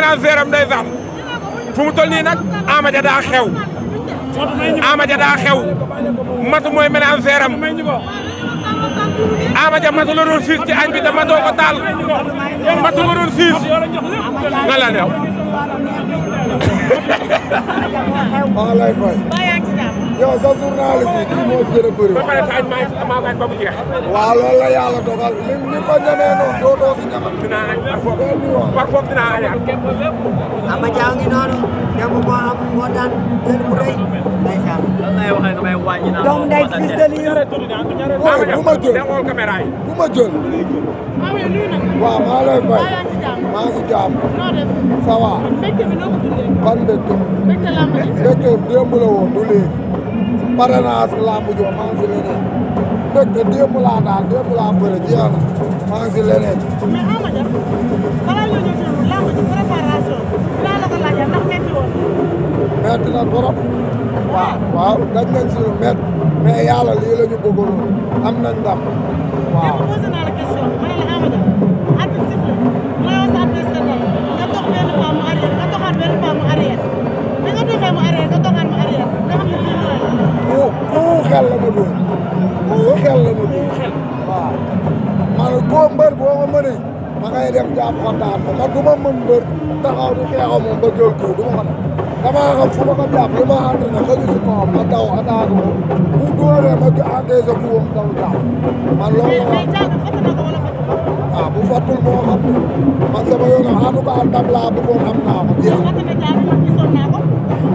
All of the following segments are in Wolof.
ménagère am ndeysaan fu mu toll nii nag Ama Dia daa xew Ama Dia daa xew matu mooy ménagère am matu la siis ci añ bi te matoo taal matu la siis nga la maa lay fay. yow sa journaliste kii moo gën a bëri. waaw loolu la yàlla dogal li ni ko ñemee noonu doo doo si ñamal. Ama Dia ngi noonu. démb moo am moo daan jël bu rëy. ndeysaan. donc ndey fils de liir. bu ma jël bu ma jël. waaw maa lay fay. maa ngi jaam. noo ban mbégte. mbégte laa ma woon du léegi. pare naa si maa ngi si leneen. mbégte démb laa daal démb laa maa ngi si leneen. mais Amathia waaw waaw dañ nañ si lu métti mais yàlla lii waaw voyance adversaire la nga dox benn pas mu arrière nga doxaat benn pas mu arrière da nga doxee mu arrière nga doxaat mu arrière nga xam ne fii mu lay. ku xel la ma doon. ku xel la ma doon. waaw man boo mbër boo ma mënee ma ngay dem jàpp ko daan ko man du ma mën mbër taxaw di xeexoo moom ba jël ko du ma ko def. damaa xam fu ma ko jàpp li ma entraîné xëy si kawam ma daw attaque ko bu dóoree ma encaissé ko woon daw jàpp man loolu. mais mais jàpp fëtt na ko wala fëtt waaw bu fottul moo xam man sama yoon en tout cas ndam laa bëggoon am naa ko jeex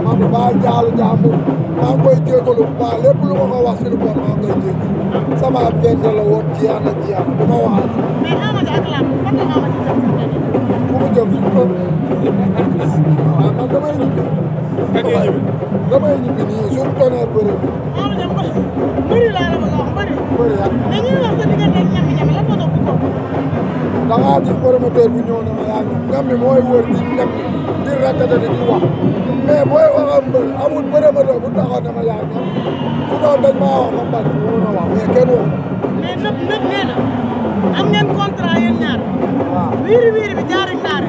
man baal jaalu jaambur maa lépp lu ma ko wax si lu koy jégalu sama gerte la woon jeex na jeex na bu ma waxaat bu mu jëm suñu bopp waaw man damay ñibbi damay ñibbi nii suñu tonnerre bëri bëri da ngaa gis promoteur bu ñëw ne ma yaa ngi ngam mi mooy wër di dem di rattata di wax mais booy wax am mbër amul promoteur bu taxaw ne ma yaa ngi su doon dañ maa wax ma bañ ma wax mais kenn wax. mais lépp lépp nee na am ngeen contrat yéen ñaar. waaw wiiri wiiri bi jaar ak naare.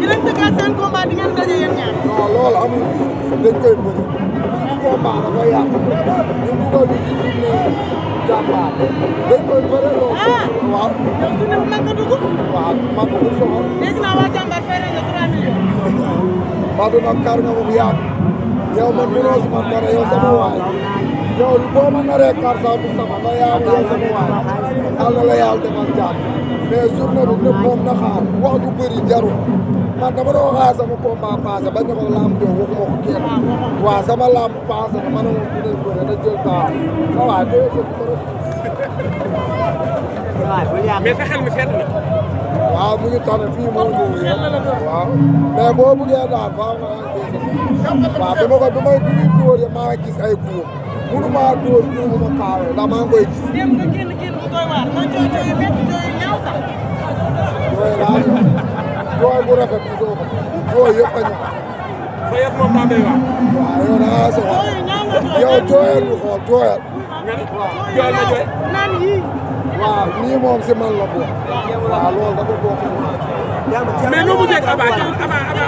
dinañ tëggaat seen combat di ngeen daje yéen ñaar. waaw loolu amul dañ koy bëri. combat da koy yàq ñu dugal ñu si suñu jàmbaar dañ koy bëre loo waaw yow su def mag nga dugg waaw mag nga soxal léegi naa waa jàmbaar fay nañ la trois millions Badou nag kar nga moom yàgg yow man mënoo si man dara yow sama waay yow boo ma naree kar sax du sama nga yaa yow sama waay yàlla la yàlla defal jàmm mais journée bi ñëpp moom na xaar wax du bëri jarul man dama doon xaar sama combat passé bañ na ko lamb jox waxuma ko kenn waaw sama lamb passé na ma ne ma dinañ bëre dañ jël temps waaw waaw jël sa numéro. waaw mais sa xel mi seet na. waaw mu ngi tane fii moo ñëw waaw mais boo buggee daal faaw ma waaw bi ma ko bi may bi ñuy dóor yi maa gis ay kuur munu maa dóor kuur bu ma kaawee ndax maa ngi koy gis. dem nga génn génn bu doy waar nga jooy jooy métti jooy ñaaw sax. booy bu rafet bu soo ko booy yëpp a ñor. sa yëf moom daa doy waar. waaw yow da ngaa soxal yow jooyal ñu xool jooyal. nga ne jooyal na jooy. naan yii. waaw lii moom si man la bokk. waaw loolu dafa bokk. mais nu mu nekk Aba jël Aba Aba.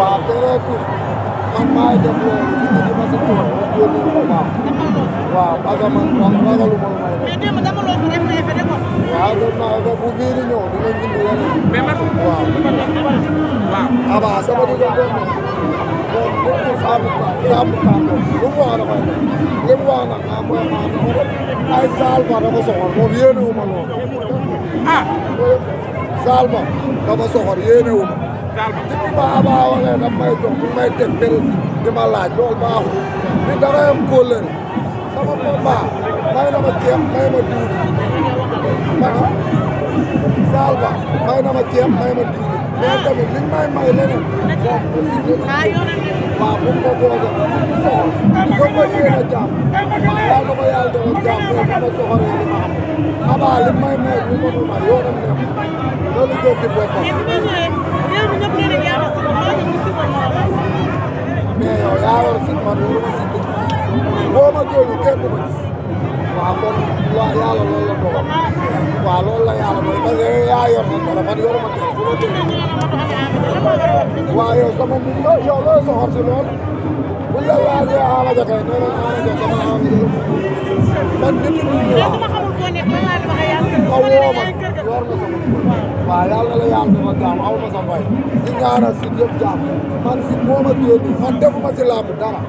waaw dara tuuti man maa ngi def loolu yónni bu baax waaw parce que man man ragalu ma may mais démb dama lool def na effet de kon waaw def na effet bu bii di ñëw dinañ dindi yeneen mais man waaw waaw aba sama digal doon na kon bu mu saabu saabu tànn lu mu wax damay def li mu wax nag ah mooy maa dama def ay saal ba dafa soxor moom yéene wu ma lool ah saal ba dafa soxor yéene wu ma depuis ba abaa waxee daf may jox bu may teg péré ma laaj loolu baaxul ni dangay am kóllëre sama combat may na ma ceeb may ma diwli Salba may na ma ceeb may ma diwli mais tamit liñ may may leneen waaw bu ko boole soo ko yéene jàmm yàlla na ko yàlla defal jàmm mais na ma soxoree li abaa li may may li ma ma yoonam neex loolu jóg man boo ma jooyul kenn du ma gis waaw kon waa yàlla loolu la dogal waaw loolu la yàlla dogal parce que yaa yor na dara man yoruma dara bu ma jooyul waaw yow sama mbir yow yow looy soxor si loolu bu la laajee Ama Dia kay nee na Ama Dia sama Ama Dia man nit ñi ñu waaw ma woo ma yor ma sama waaw yàlla la yàlla dama jàmm aw ma sa fay di ñaanal si yëpp jàmm man si moo ma génn man defuma si làmb dara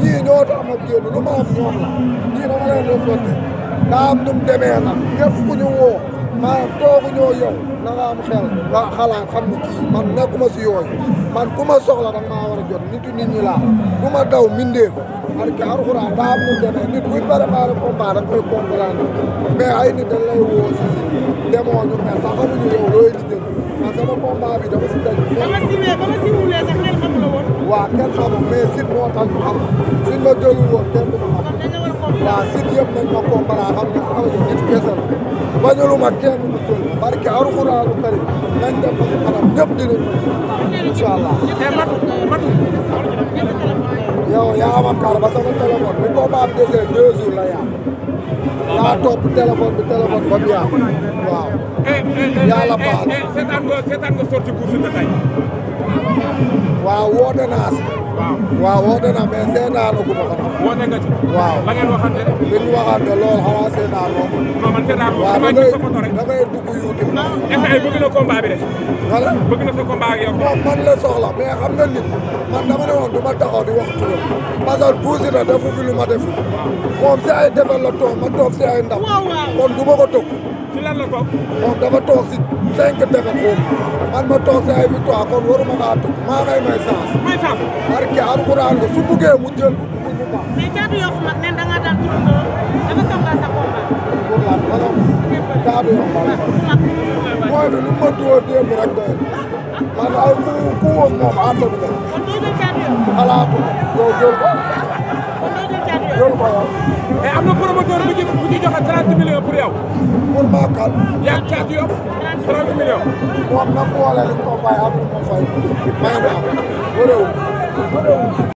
ñii ñoo tax ma lu ma am ñoom la ñii dama leen refoté daa am nu demee nag képp ku woo maanaam toogu ñoo yow xel nga xalaat xam ni kii man nekkuma si yooyu man ku soxla da maa jot nitu nit ñi laa daw mindee ko parce que alxuraan daa am nu ay nit dañ lay woo si demoo ñu mel combat bi dama si daj. ba ma siwee ba ma siwulee sax kenn xamu la woon. waaw kenn xamu sit moo tax ñu xam sit ma jëlul woon kenn sit kese la. bañalu ma kenn mu jël parce que alxuraanu karim nañ dem ba si kanam ñëpp dinañ ko. incha allah. yow yaa ma kàr ba sama téléphone bi combat bi desee deux la yaa daa topp téléphone bi téléphone ba waaw. yàlla waaw waaw woote na mais seetaan ko ma xam. woote nga ci. waaw la ngeen waxante ne. li ñu lool xanaa seetaan ko. non man seetaan ko waaw da ngay da ngay man la soxla mais xam nga nit man dama ne woon ma taxaw di wax turam. parce que Boury na defu fi ma defu moom si ay defar la toog ma toog si ay ndam. kon du ma ko ci lan la toog. moom dafa toog si cinq défaites foofu man ma toog si ay victoire kon waruma kaa tukk maa ngay may chance. may chance barke alxuraan su buggee mu jël bu mu mu baax. mais Thiatou Yoff mag nee da ngaa daan turandoo dafa soxla sa combat. pour lan maanaam Thiatou Yoff mag mooy lu ma dóor démb rek doy man aw ku ku woon moom ànd ak moom. kon doo jël Thiatou Yoff. xalaatu ko doo jël ko. loolu mooy yow. am na promoteur bu ci bu ci joxe 30 millions pour yow. pour Bakal. yaa ngi caatu yow. 30 millions. moom na mu wóole li mu ko am lu mu fay. may naa